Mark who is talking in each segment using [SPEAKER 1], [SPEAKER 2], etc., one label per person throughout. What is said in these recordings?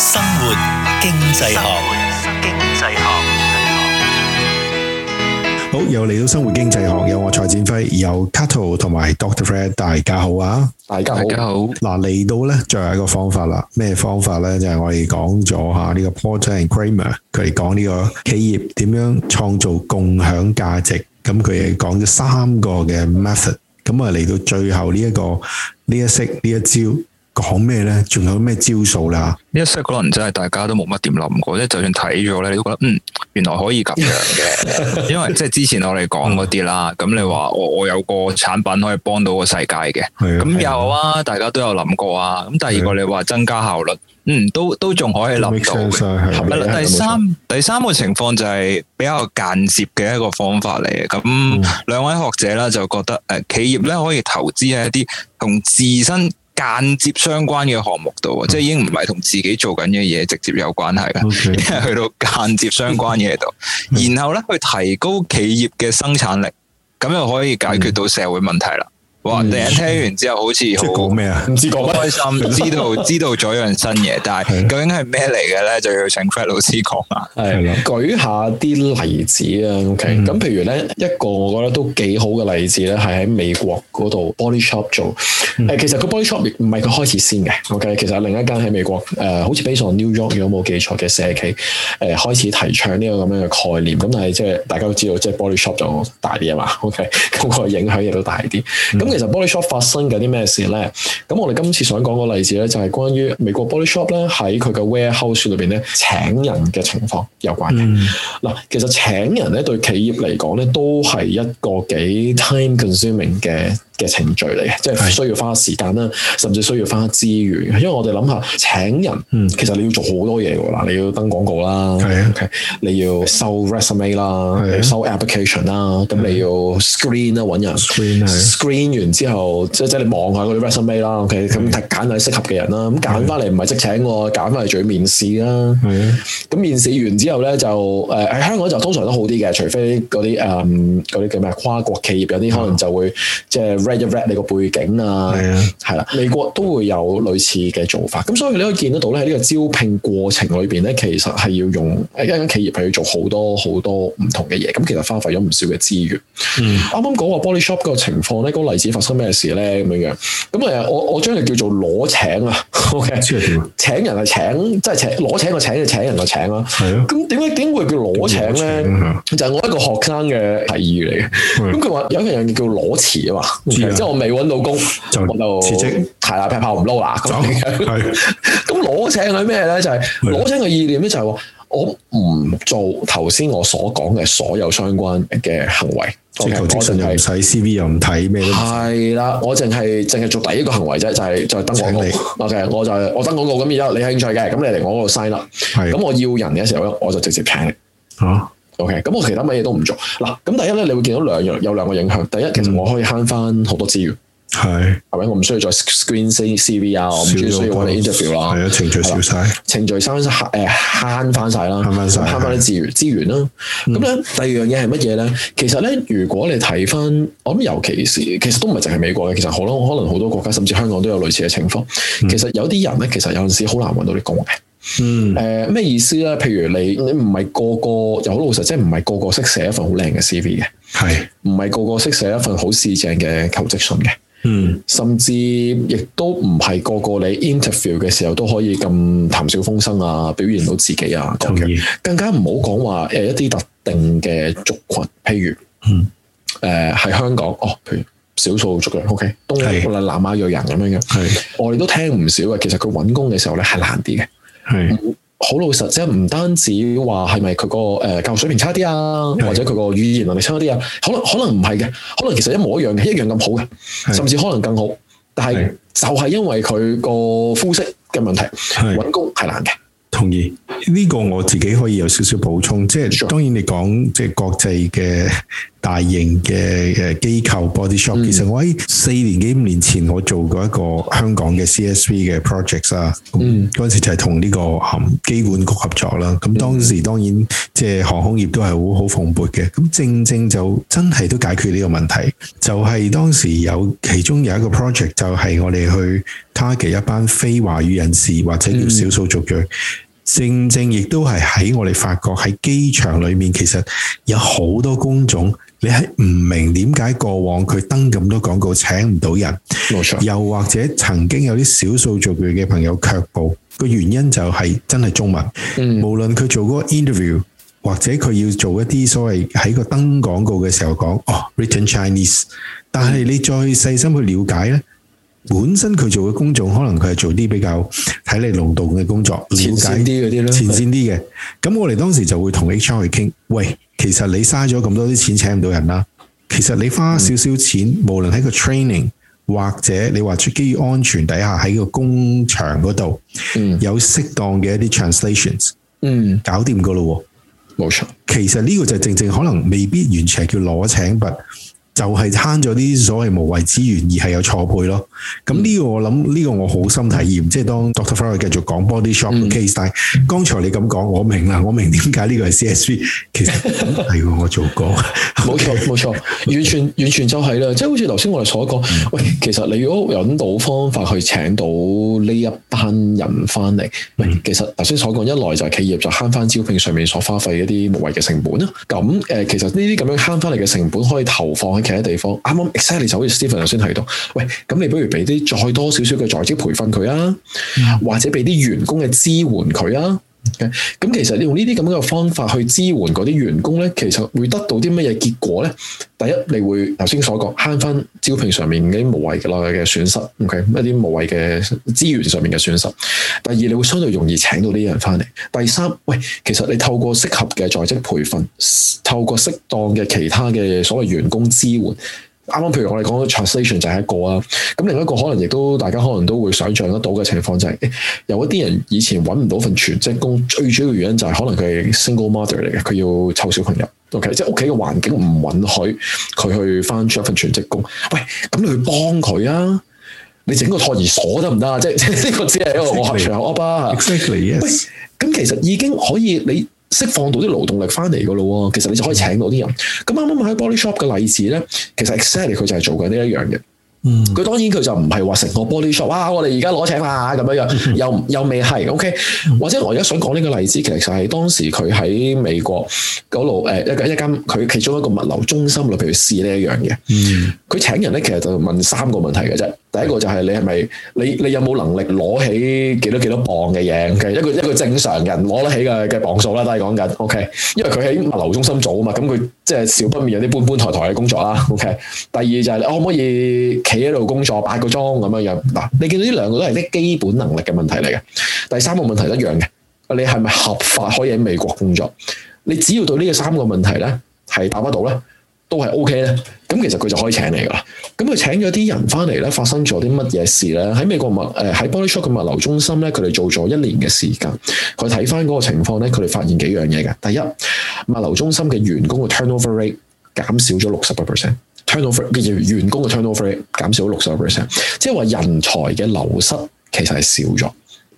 [SPEAKER 1] 生活經濟學，經濟學，好又嚟到生活經濟學，有我蔡展輝，有 Cato 同埋 Dr. Fred，大家好啊！大家好，嗱嚟到呢，最後一個方法啦，咩方法呢？就係我哋講咗吓呢個 Porter and Kramer，佢哋講呢個企業點樣創造共享價值，咁佢哋講咗三個嘅 method，咁啊嚟到最後呢一個呢一式呢一招。講咩咧？仲有咩招數啦？
[SPEAKER 2] 呢一 s 可能真係大家都冇乜點諗過，即係就算睇咗咧，你都覺得嗯，原來可以咁樣嘅。 因為即係之前我哋講嗰啲啦，咁、嗯、你話我我有個產品可以幫到個世界嘅，咁有啊，大家都有諗過啊。咁第二個你話增加效率，嗯，都都仲可以諗到第三第三個情況就係比較間接嘅一個方法嚟嘅。咁兩位學者啦，就覺得誒、嗯呃，企業咧可以投資喺一啲同自身間接相關嘅項目度，即係已經唔係同自己做緊嘅嘢直接有關係啦， 因為去到間接相關嘢度， 然後咧去提高企業嘅生產力，咁又可以解決到社會問題啦。哇！第一聽完之後、嗯、好似、即係、好係講咩啊？唔知講開心，知道 知道咗樣新嘢，但係究竟係咩嚟嘅咧？就要請 Fred 老師講啦。係舉一下啲例子啊。OK，咁、嗯、譬如咧，一個我覺得都幾好嘅例子咧，係喺美國嗰度 Body Shop 做。誒、嗯，其實個 Body Shop 唔係佢開始先嘅。OK，其實另一間喺美國誒，好似 Based on New York，如果冇記錯嘅社企誒，開始提倡呢個咁樣嘅概念。咁但係即係大家都知道，即、就、係、是、Body Shop 仲大啲啊嘛。OK，嗰個影響亦都大啲。咁、嗯嗯咁其實 body shop 發生緊啲咩事咧？咁我哋今次想講個例子咧，就係關於美國 body shop 咧喺佢嘅 warehouse 裏邊咧請人嘅情況有關嘅。嗱、嗯，其實請人咧對企業嚟講咧，都係一個幾 time consuming 嘅。嘅程序嚟嘅，即係需要花時間啦，甚至需要花資源。因為我哋諗下請人，其實你要做好多嘢㗎喎，嗱，你要登廣告啦，係啊，OK? 你要收 resume 啦，收 application 啦，咁你要 screen 啦，揾人 screen，screen 完之後即係即你望下嗰啲 resume 啦，OK，咁揀你適合嘅人啦，咁揀翻嚟唔係即請我，揀翻嚟仲要面試啦，係啊，咁面試完之後咧就喺、呃、香港就通常都好啲嘅，除非嗰啲誒嗰啲叫咩跨國企業，有啲可能就會即你個背景啊，係啦、啊，美國、啊、都會有類似嘅做法，咁所以你可以見得到咧，喺呢個招聘過程裏邊咧，其實係要用一間企業係要做好多好多唔同嘅嘢，咁其實花費咗唔少嘅資源。啱啱講話 body shop 個情況咧，嗰、那個例子發生咩事咧？咁樣，咁啊我我將佢叫做裸請啊，OK，即係點啊？請人係請，即係請裸請，我請就請人就請啦。係咯、啊。咁點解點會叫裸請咧、啊？就係、是、我一個學生嘅提議嚟嘅。咁佢話有一樣嘢叫裸辭啊嘛。嗯即係我未揾到工就辭職，我就辭職係啦，劈炮唔撈啦。咁攞、啊 啊、請佢咩咧？就係攞請嘅意念咧、就是，就係我唔做頭先我所講嘅所有相關嘅行為。Okay, 即係求職信又唔使，C V 又唔睇咩咧？係啦，我淨係淨係做第一個行為啫，就係、是、就係、是、登廣告。Okay, 我就我就我登廣告咁，而家你興趣嘅，咁你嚟我嗰度 sign 啦。咁我要人嘅時候咧，我就直接請。啊。OK，咁我其他乜嘢都唔做。嗱，咁第一咧，你會見到兩樣，有兩個影響。第一，其實我可以慳翻好多資源，係係咪？我唔需要再 screen CV 啊，我唔需要需要我哋 interview 啦，係啊，程序少晒，程序少、啊、省誒慳翻晒啦，慳翻晒慳翻啲資源、啊、資源啦。咁、嗯、咧，第二樣嘢係乜嘢咧？其實咧，如果你睇翻，我諗尤其是其實都唔係淨係美國嘅，其實可能可能好多國家甚至香港都有類似嘅情況、嗯。其實有啲人咧，其實有陣時好難揾到啲工嘅。嗯，誒、呃，咩意思咧？譬如你，你唔係個個又好老實，即係唔係個個識寫一份好靚嘅 C V 嘅，係，唔係個個識寫一份好市正嘅求職信嘅，嗯，甚至亦都唔係個個你 interview 嘅時候都可以咁談笑風生啊，表現到自己啊，同意，更加唔好講話誒，一啲特定嘅族群，譬如，誒、嗯，喺、呃、香港哦，譬如少數族人，OK，都係南亞裔人咁樣嘅，係，我哋都聽唔少嘅，其實佢搵工嘅時候咧係難啲嘅。係好是老實，即係唔單止話係咪佢個誒教育水平差啲啊，是或者佢個語言能力差啲啊，可能可能唔係嘅，可能其實一模一樣嘅，一樣咁好嘅，是甚至可能更好，但係是就係因為佢個
[SPEAKER 1] 膚色嘅問題，揾是工係難嘅。同意，呢、這個我自己可以有少少補充，即、就、係、是、當然你講即係國際嘅大型嘅機構 body shop，、嗯、其實我喺四年幾五年前我做過一個香港嘅 CSV 嘅 project 啦，嗰陣時就係同呢個機管局合作啦。咁當時當然即係、嗯、航空業都係好好蓬勃嘅，咁正正就真係都解決呢個問題，就係、是、當時有其中有一個 project 就係我哋去。嘅一班非華語人士或者叫少數族裔，嗯、正正亦都係喺我哋發覺喺機場裏面，其實有好多工種，你係唔明點解過往佢登咁多廣告請唔到人？又或者曾經有啲少數族裔嘅朋友卻步，個原因就係真係中文。嗯、無論佢做嗰個 interview，或者佢要做一啲所謂喺個登廣告嘅時候講哦、oh, written Chinese，但係你再細心去了解呢本身佢做嘅工種，可能佢係做啲比較體力勞動嘅工作，一些一些了解啲嗰啲前線啲嘅。咁我哋當時就會同 HR 去傾，喂，其實你嘥咗咁多啲錢，請唔到人啦。其實你花少少錢，嗯、無論喺個 training 或者你話出機安全底下喺個工場嗰度，嗯，有適當嘅一啲 translations，嗯，搞掂噶咯，冇錯。其實呢個就正正可能未必完全係叫裸請，但就係慳咗啲所謂無謂資源，而係有錯配咯。咁、嗯、呢個我諗，呢、這個我好深體驗。即係當 Doctor Farrel 繼續講 Body Shop case，嗯、但係剛才你咁講，我明啦，我明點解呢個係 CSV。其實係我做過，冇錯冇錯，完全完全
[SPEAKER 2] 就係啦。即係好似頭先我哋所講，嗯、喂，其實你如果揾到方法去請到呢一班人翻嚟，嗯、喂，其實頭先所講一來就係企業就慳翻招聘上面所花費一啲無謂嘅成本啦。咁誒、呃，其實呢啲咁樣慳翻嚟嘅成本可以投放在其他地方啱啱 e x c t l y 就好似 Stephen 頭先提到，喂，咁你不如俾啲再多少少嘅在職培訓佢啊、嗯，或者俾啲員工嘅支援佢啊，咁、okay? 其實你用呢啲咁樣嘅方法去支援嗰啲員工咧，其實會得到啲乜嘢結果咧？第一，你會頭先所講慳翻招聘上面嗰啲無謂嘅嘅損失，OK，一啲無謂嘅資源上面嘅損失。第二，你會相對容易請到呢啲人翻嚟。第三，喂，其實你透過適合嘅在職培訓，透過適當嘅其他嘅所謂員工支援，啱啱譬如我哋講嘅 translation 就係一個啦。咁另一個可能亦都大家可能都會想象得到嘅情況就係，有一啲人以前揾唔到份全職工，最主要嘅原因就係可能佢係 single mother 嚟嘅，佢要湊小朋友。Okay. 即係屋企嘅環境唔允許佢去翻出一份全職工，喂，咁你去幫佢啊！你整個托兒所得唔得啊？即係呢個只係一個合場合 exactly 啊。喂，咁其實已經可以你釋放到啲勞動力翻嚟噶啦喎，其實你就可以請到啲人。咁啱啱喺 Body Shop 嘅例子咧，其實 exactly 佢就係做緊呢一樣嘢。嗯，佢當然佢就唔係話成個 body shop，哇、啊！我哋而家攞請啊咁樣樣，又又未係，OK？或者我而家想講呢個例子，其實就係當時佢喺美國嗰度、呃、一間一間佢其中一個物流中心裏邊試呢一樣嘢。嗯，佢請人咧，其實就問三個問題嘅啫。第一個就係你係咪你你有冇能力攞起幾多幾多磅嘅嘢？Okay? 一個一個正常人攞得起嘅嘅磅數啦，都係講緊。OK，因為佢喺物流中心做啊嘛，咁佢即係少不免有啲搬搬抬抬嘅工作啦。OK，第二就係你可唔可以企喺度工作八個鐘咁樣樣？嗱，你見到呢兩個都係啲基本能力嘅問題嚟嘅。第三個問題是一樣嘅，你係咪合法可以喺美國工作？你只要對呢個三個問題咧係答得到咧，都係 O K 咧，咁其實佢就可以請你噶啦。咁佢請咗啲人翻嚟咧，發生咗啲乜嘢事咧？喺美國物誒喺 Body Shop 嘅物流中心咧，佢哋做咗一年嘅時間。佢睇翻嗰個情況咧，佢哋發現幾樣嘢嘅。第一，物流中心嘅員工嘅 turnover rate 減少咗六十個 percent，turnover 嘅、呃、員工嘅 turnover rate 減少咗六十個 percent，即係話人才嘅流失其實係少咗。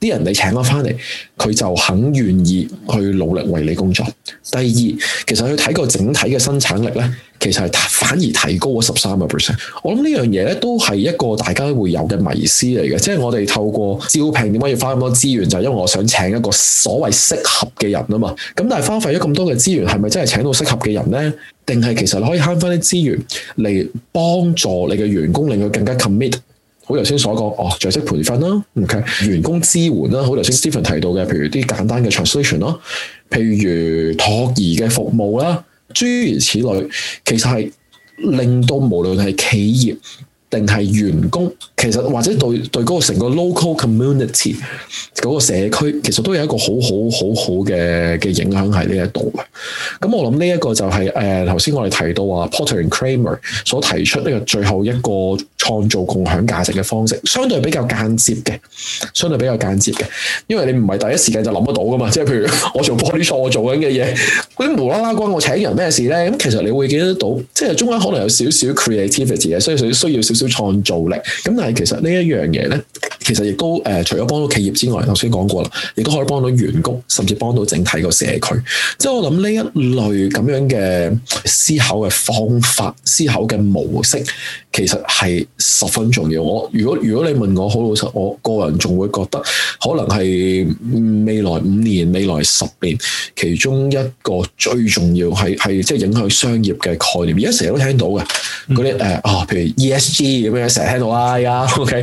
[SPEAKER 2] 啲人你請咗翻嚟，佢就肯願意去努力為你工作。第二，其實去睇個整體嘅生產力咧。其實係反而提高咗十三個 percent，我諗呢樣嘢咧都係一個大家都會有嘅迷思嚟嘅，即係我哋透過招聘點解要花咁多資源，就係因為我想請一個所謂適合嘅人啊嘛。咁但係花費咗咁多嘅資源，係咪真係請到適合嘅人咧？定係其實你可以慳翻啲資源嚟幫助你嘅員工，令佢更加 commit。好，頭先所講，哦，在職培訓啦，OK，員工支援啦，好，頭先 Stephen 提到嘅，譬如啲簡單嘅 translation 咯，譬如託兒嘅服務啦。諸如此類，其實係令到無論係企業，定係員工，其實或者對對個成個 local community 個社區其實都有一個好好好好嘅嘅影響喺呢一度嘅。咁，嗯，我諗呢一個就係誒頭先我哋提到話 Porter and Kramer 所提出呢個最後一個創造共享價值嘅方式，相對比較間接嘅，相對比較間接嘅，因為你唔係第一時間就諗得到噶嘛。即係譬如我做玻璃 l 我做緊嘅嘢，嗰啲無啦啦關我請人咩事咧？咁其實你會見得到，即係中間可能有少少 creativity 嘅，所以需要需要少少。創造力咁，但係其實呢一樣嘢咧，其實亦都誒、呃，除咗幫到企業之外，頭先講過啦，亦都可以幫到員工，甚至幫到整體個社區。即係我諗呢一類咁樣嘅思考嘅方法、思考嘅模式，其實係十分重要。我如果如果你問我，好老實，我個人仲會覺得。可能係未來五年、未來十年，其中一個最重要係係即係影響商業嘅概念。而家成日都聽到嘅嗰啲誒，哦，譬如 ESG 咁樣，成日聽到啊，而家 OK。